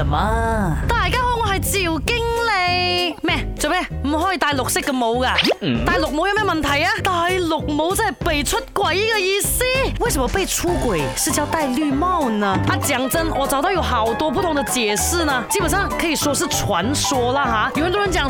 什麼大家好，我是趙經理。咩做咩唔可以戴綠色嘅帽噶、啊？嗯、戴綠帽有咩問題啊？戴綠帽真係被出軌嘅意思。為什麼被出軌是叫戴綠帽呢？啊，講真，我找到有好多不同的解釋呢，基本上可以說是傳說啦哈。有很多人講。